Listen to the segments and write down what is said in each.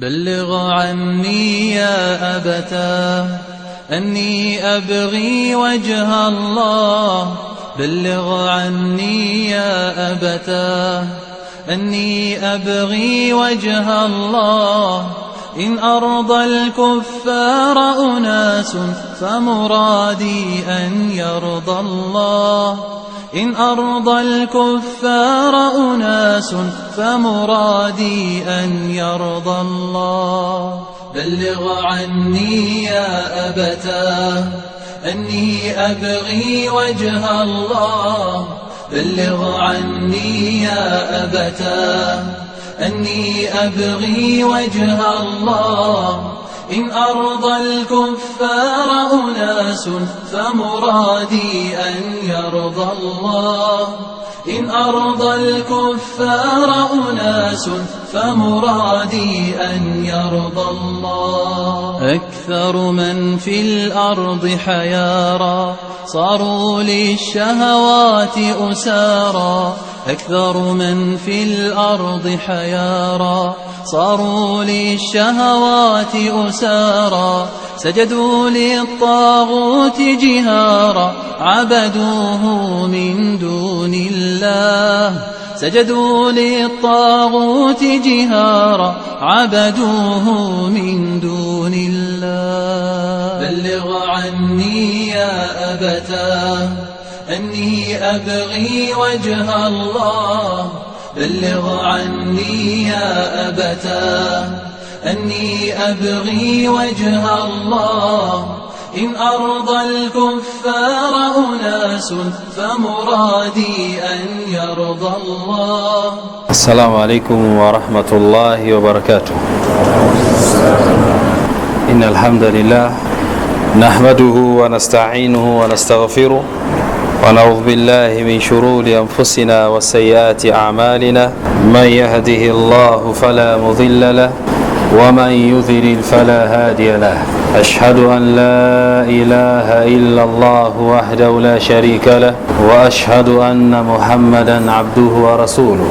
بلغ عني يا أبتا أني أبغي وجه الله بلغ عني يا أبتا أني أبغي وجه الله إن أرضى الكفار أناس فمرادي أن يرضى الله إن أرضى الكفار أناس فمرادي أن يرضى الله بلغ عني يا أبتاه أني أبغي وجه الله بلغ عني يا أبتاه أني أبغي وجه الله إن أرضى الكفار أناس فمرادي أن يرضى الله إن أرض الكفار أناس فمرادي أن يرضى الله أكثر من في الأرض حيارى صاروا للشهوات أسارا أكثر من في الأرض حيارى صاروا للشهوات أسارا سجدوا للطاغوت جهارا عبدوه من دون الله سجدوا للطاغوت جهارا عبدوه من دون الله بلغ عني يا أبتاه أني أبغي وجه الله بلغ عني يا أبتاه أني أبغي وجه الله إن أرضى الكفار أناس فمرادي أن يرضى الله السلام عليكم ورحمة الله وبركاته إن الحمد لله نحمده ونستعينه ونستغفره ونعوذ بالله من شرور أنفسنا وسيئات أعمالنا من يهده الله فلا مضل له ومن يذلل فلا هادي له أشهد أن لا إله إلا الله وحده لا شريك له وأشهد أن محمدا عبده ورسوله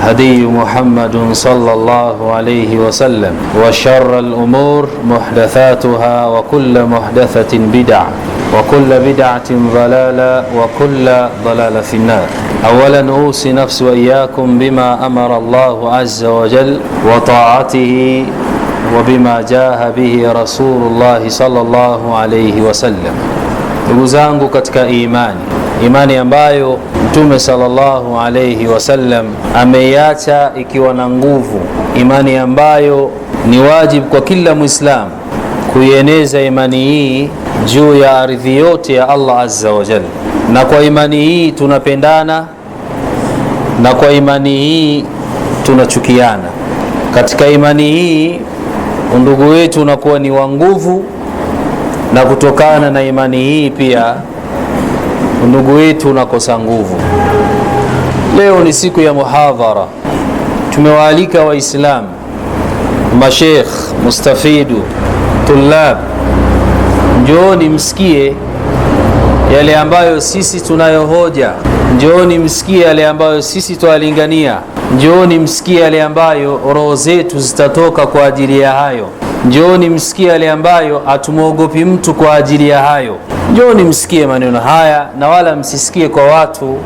هدي محمد صلى الله عليه وسلم وشر الأمور محدثاتها وكل محدثة بدع وكل بدعة ضلالة وكل ضلالة في النار أولا أوصي نفسي وإياكم بما أمر الله عز وجل وطاعته وبما جاء به رسول الله صلى الله عليه وسلم ndugu zangu katika imani imani ambayo Mtume sallallahu alayhi wasallam ameiacha ikiwa na nguvu, imani ambayo ni wajibu kwa kila Muislamu kuieneza imani hii juu ya ardhi yote ya Allah azza wa jalla. Na kwa imani hii tunapendana, na kwa imani hii tunachukiana. Katika imani hii undugu wetu unakuwa ni wa nguvu, na kutokana na imani hii pia Ndugu wetu unakosa nguvu. Leo ni siku ya muhadhara, tumewaalika Waislamu, mashekh, mustafidu, tulab, njooni msikie yale ambayo sisi tunayohoja, njooni msikie yale ambayo sisi twalingania, njooni msikie yale ambayo roho zetu zitatoka kwa ajili ya hayo. Njooni msikie yale ambayo hatumwogopi mtu kwa ajili ya hayo. Njooni msikie maneno haya, na wala msisikie kwa watu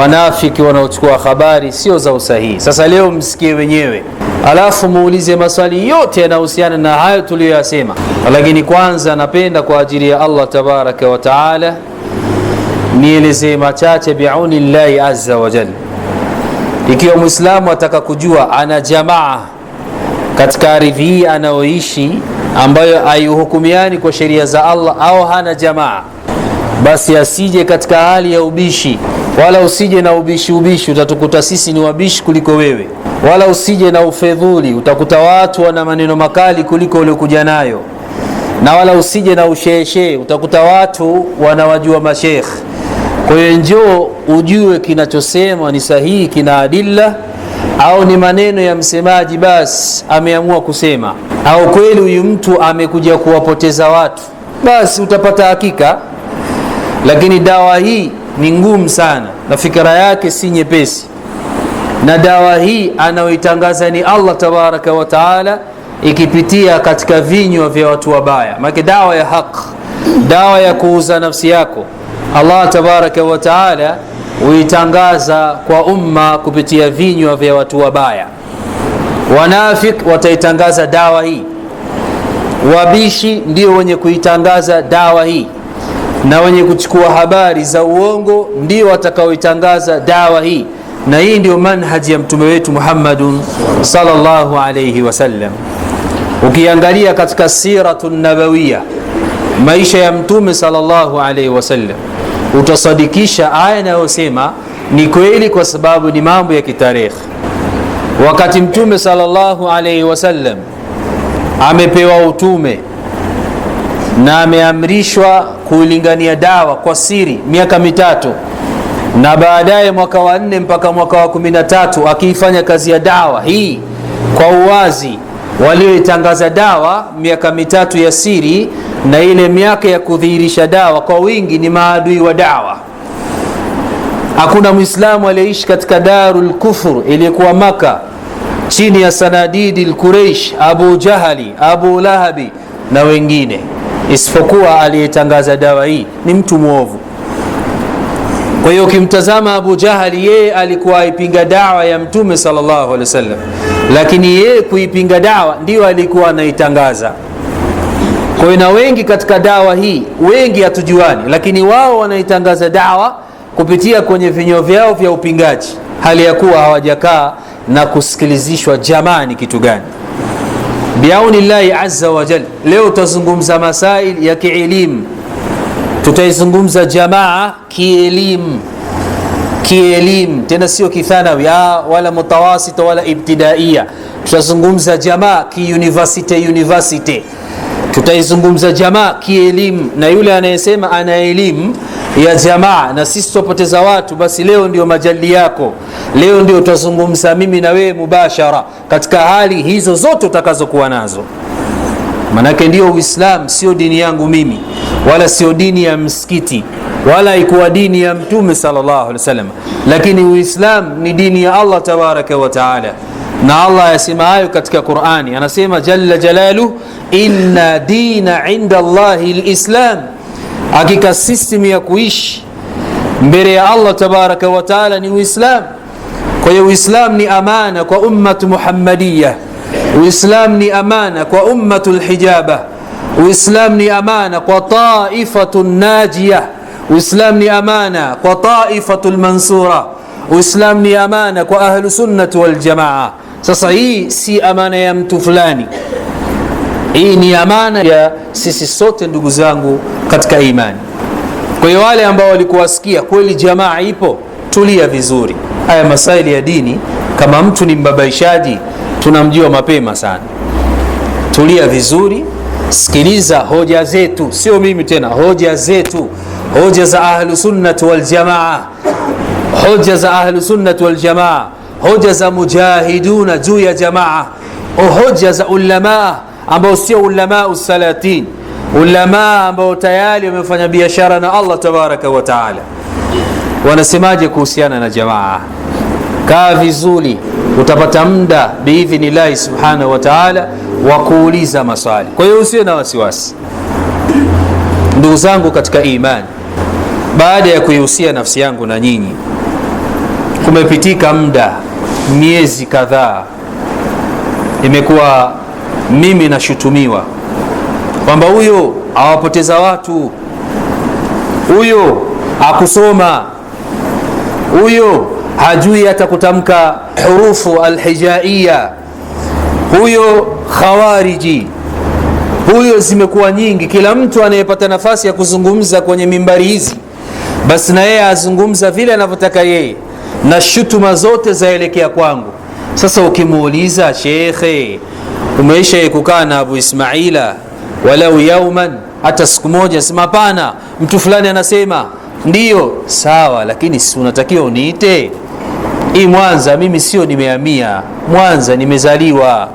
wanafiki wanaochukua habari sio za usahihi. Sasa leo msikie wenyewe, alafu muulize maswali yote yanayohusiana na hayo tuliyoyasema. Lakini kwanza, napenda kwa ajili ya Allah tabaraka wa taala nielezee machache biauni llahi azza wa jalla, ikiwa mwislamu ataka kujua ana jamaa katika ardhi hii anayoishi ambayo haihukumiani kwa sheria za Allah au hana jamaa, basi asije katika hali ya ubishi, wala usije na ubishi ubishi, utatukuta sisi ni wabishi kuliko wewe, wala usije na ufedhuli, utakuta watu wana maneno makali kuliko uliokuja nayo, na wala usije na usheshe, utakuta watu wanawajua mashekh. Kwa hiyo njoo ujue kinachosemwa ni sahihi, kina adilla au ni maneno ya msemaji basi ameamua kusema, au kweli huyu mtu amekuja kuwapoteza watu, basi utapata hakika. Lakini dawa hii ni ngumu sana na fikira yake si nyepesi, na dawa hii anayoitangaza ni Allah tabaraka wa taala ikipitia katika vinywa vya watu wabaya, maana dawa ya haq, dawa ya kuuza nafsi yako, Allah tabaraka wa taala huitangaza kwa umma kupitia vinywa vya watu wabaya. Wanafik wataitangaza dawa hii, wabishi ndio wenye kuitangaza dawa hii, na wenye kuchukua habari za uongo ndio watakaoitangaza dawa hii, na hii ndio manhaji ya mtume wetu Muhammadun salllahu alaihi wasallam. Ukiangalia katika siratu nabawiya, maisha ya mtume salllahu alaihi wasallam utasadikisha aya inayosema ni kweli, kwa sababu ni mambo ya kitarehe. Wakati Mtume sallallahu alaihi wasallam amepewa utume na ameamrishwa kuilingania dawa kwa siri miaka mitatu na baadaye mwaka wa nne mpaka mwaka wa kumi na tatu akiifanya kazi ya dawa hii kwa uwazi. Walioitangaza dawa miaka mitatu ya siri na ile miaka ya kudhihirisha dawa kwa wingi ni maadui wa dawa. Hakuna mwislamu aliyeishi katika darul kufur iliyokuwa Maka chini ya sanadidi lQureish, Abu Jahali, Abu Lahabi na wengine, isipokuwa aliyetangaza dawa hii ni mtu mwovu. Kwa hiyo ukimtazama Abu Jahali, yeye alikuwa aipinga dawa ya Mtume sallallahu alaihi wasallam, lakini yeye kuipinga dawa ndiyo alikuwa anaitangaza. Kwa hiyo na wengi katika dawa hii, wengi hatujuani, lakini wao wanaitangaza dawa kupitia kwenye vinyo vyao vya upingaji, hali ya kuwa hawajakaa na kusikilizishwa jamaa ni kitu gani. Biaunillahi llahi aza wajal leo tutazungumza masail ya kielimu, tutaizungumza jamaa kielimu, kielimu tena sio kithanawi wala mutawasita wala ibtidaia, tutazungumza jamaa kiuniversity university, university tutaizungumza jamaa kielimu, na yule anayesema ana elimu ya jamaa na sisi tupoteza watu, basi leo ndio majali yako. Leo ndio tutazungumza mimi na wewe mubashara katika hali hizo zote utakazokuwa nazo, manake ndio Uislamu. Sio dini yangu mimi, wala sio dini ya msikiti, wala ikuwa dini ya Mtume sallallahu alaihi wasallam, lakini Uislamu ni dini ya Allah tabaraka wa taala na Allah hayo katika Qur'ani, anasema jalla jalalu, inna dina inda Allahi lislam, hakika system ya kuishi mbele ya Allah tabaraka wa taala ni Uislam. Kwa hiyo Uislam ni amana kwa ummatu Muhammadiya, Uislam ni amana kwa ummatu lhijaba, Uislam ni amana kwa taifatu najiya, Uislam ni amana kwa taifatu lmansura, Uislam ni amana kwa ahlusunnati waljamaa. Sasa hii si amana ya mtu fulani, hii ni amana ya sisi sote ndugu zangu katika imani. Kwa hiyo wale ambao walikuwasikia kweli jamaa ipo, tulia vizuri. Haya masaili ya dini, kama mtu ni mbabaishaji, tunamjua mapema sana. Tulia vizuri, sikiliza hoja zetu, sio mimi tena, hoja zetu, hoja za ahlusunnat waljamaa, hoja za ahlusunnati waljamaa hoja za mujahiduna juu ya jamaa, hoja za ulamaa ambao sio ulamau salatin, ulamaa ambao tayari wamefanya biashara na Allah tabaraka wataala Wanasemaje kuhusiana na jamaa? Kaa vizuri, utapata muda biidhnillahi subhanahu wataala wa kuuliza maswali. Kwa hiyo usiwe na wasiwasi, ndugu zangu katika imani. Baada ya kuihusia nafsi yangu na nyinyi, kumepitika muda miezi kadhaa imekuwa mimi nashutumiwa kwamba huyo awapoteza watu, huyo akusoma, huyo hajui hata kutamka hurufu alhijaiya, huyo khawariji, huyo. Zimekuwa nyingi, kila mtu anayepata nafasi ya kuzungumza kwenye mimbari hizi, basi na yeye azungumza vile anavyotaka yeye na shutuma zote zaelekea kwangu. Sasa ukimuuliza shekhe, umeisha kukaa na Abu Ismaila walau yauman, hata siku moja? Sema hapana, mtu fulani anasema ndio Sawa, lakini si unatakiwa uniite hii Mwanza, mimi sio nimehamia Mwanza, nimezaliwa.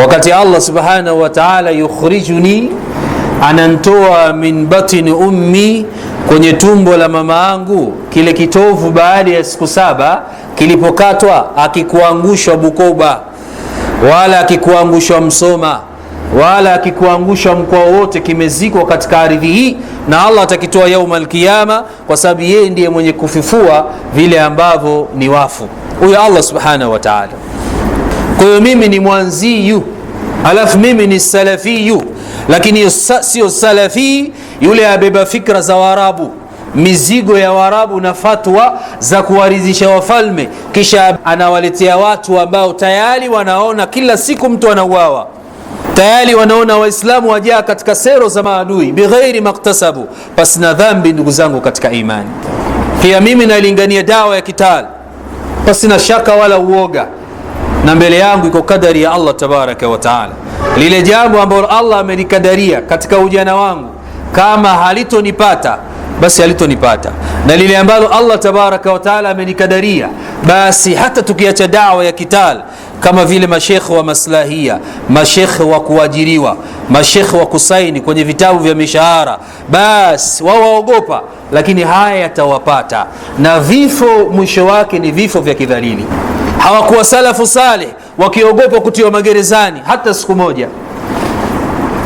Wakati Allah subhanahu wa ta'ala yukhrijuni, anantoa min batni ummi kwenye tumbo la mama yangu kile kitovu, baada ya siku saba kilipokatwa, akikuangushwa Bukoba, wala akikuangushwa Msoma, wala akikuangushwa mkoa wote, kimezikwa katika ardhi hii, na Allah atakitoa yaumul qiyama, kwa sababu yeye ndiye mwenye kufifua vile ambavyo ni wafu. Huyo Allah subhanahu wa ta'ala. Kwa hiyo mimi ni mwanziyu, alafu mimi ni salafiyu, lakini sio salafi yule abeba fikra za Waarabu, mizigo ya Waarabu na fatwa za kuwaridhisha wafalme, kisha anawaletea watu ambao tayari wanaona kila siku mtu anauawa tayari wanaona Waislamu wajaa katika sero za maadui, bighairi maktasabu, pasina dhambi. Ndugu zangu katika imani, pia mimi nailingania dawa ya kital pasina shaka wala uoga, na mbele yangu iko kadari ya Allah tabaraka wa taala, lile jambo ambalo Allah amenikadaria katika ujana wangu kama halitonipata basi halitonipata na lile ambalo Allah tabaraka wa taala amenikadaria, basi hata tukiacha dawa ya kital kama vile mashekhe wa maslahia, mashekhe wa kuajiriwa, mashekhe wa kusaini kwenye vitabu vya mishahara, basi wao waogopa, lakini haya yatawapata, na vifo mwisho wake ni vifo vya kidhalili. Hawakuwa salafu saleh wakiogopa kutiwa magerezani hata siku moja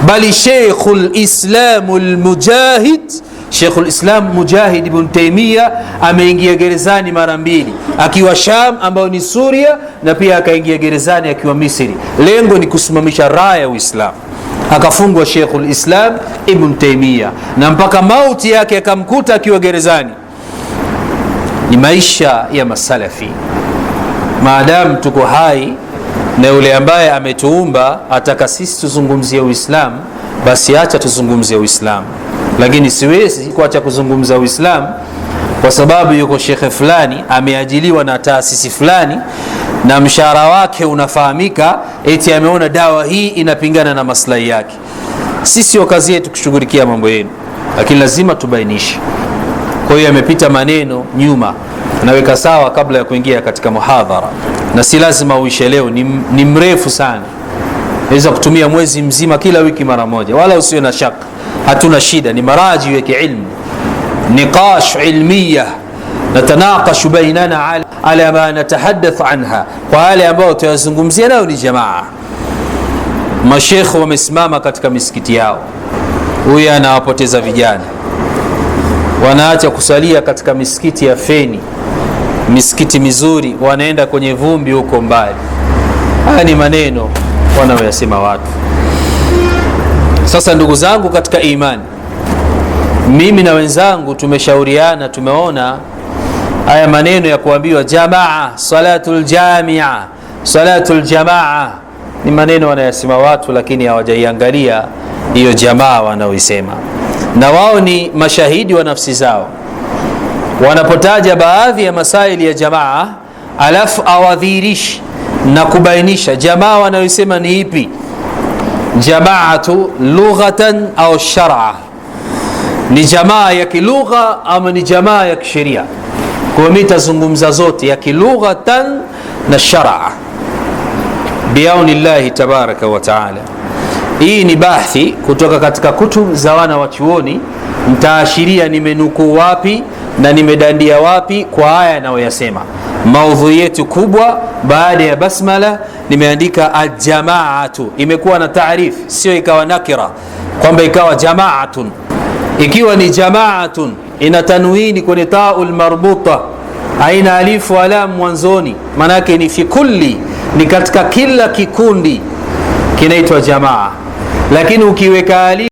bali Sheikhul Islamul Mujahid Sheikhul Islam Mujahid Ibn Taimia ameingia gerezani mara mbili, akiwa Sham ambayo ni Suria, na pia akaingia gerezani akiwa Misri. Lengo ni kusimamisha raa ya Uislamu. Akafungwa Sheikhul Islam Ibn Taimia na mpaka mauti yake akamkuta akiwa gerezani. Ni maisha ya masalafi, maadamu tuko hai na yule ambaye ametuumba ataka sisi tuzungumzie Uislamu, basi acha tuzungumzie Uislamu, lakini siwezi kuacha kuzungumza Uislamu kwa sababu yuko shekhe fulani ameajiliwa na taasisi fulani na mshahara wake unafahamika, eti ameona dawa hii inapingana na maslahi yake. Sisi sio kazi yetu kushughulikia mambo yenu, lakini lazima tubainishe. Kwa hiyo amepita maneno nyuma naweka sawa kabla ya kuingia katika muhadhara, na si lazima uishe leo, ni, ni mrefu sana, naweza kutumia mwezi mzima kila wiki mara moja, wala usio na shaka, hatuna shida. Ni maraji yake ilmu, niqash ilmiya, natanaqashu bainana ala, ala ma natahaddath anha, kwa yale ambayo tutayazungumzia nayo ni jamaa. Mashekhe wamesimama katika misikiti yao, huyu anawapoteza vijana, wanaacha kusalia katika misikiti ya feni misikiti mizuri, wanaenda kwenye vumbi huko mbali. Haya ni maneno wanaoyasema watu. Sasa ndugu zangu katika imani, mimi na wenzangu tumeshauriana, tumeona haya maneno ya kuambiwa jamaa, salatul jamia, salatul jamaa ni maneno wanayasema watu, lakini hawajaiangalia hiyo jamaa wanaoisema, na wao ni mashahidi wa nafsi zao wanapotaja baadhi ya masaili ya jamaa, alafu awadhirish na kubainisha jamaa wanayosema ni ipi, jamaatu lughatan au shar'a, ni jamaa ya kilugha ama ni jamaa ya kisheria. Kwa mimi tazungumza zote ya kilughatan na shar'a biaunillahi tabaraka wa taala. Hii ni bahthi kutoka katika kutub za wana wa chuoni, ntaashiria nimenukuu wapi na nimedandia wapi kwa haya anayoyasema. Maudhui yetu kubwa baada ya basmala nimeandika aljamaatu, imekuwa na taarifu, sio ikawa nakira kwamba ikawa jamaatun. Ikiwa ni jamaatun, ina tanwini kwenye tau lmarbuta aina alifu alam mwanzoni, manake ni fi kulli ni katika kila kikundi kinaitwa jamaa, lakini ukiweka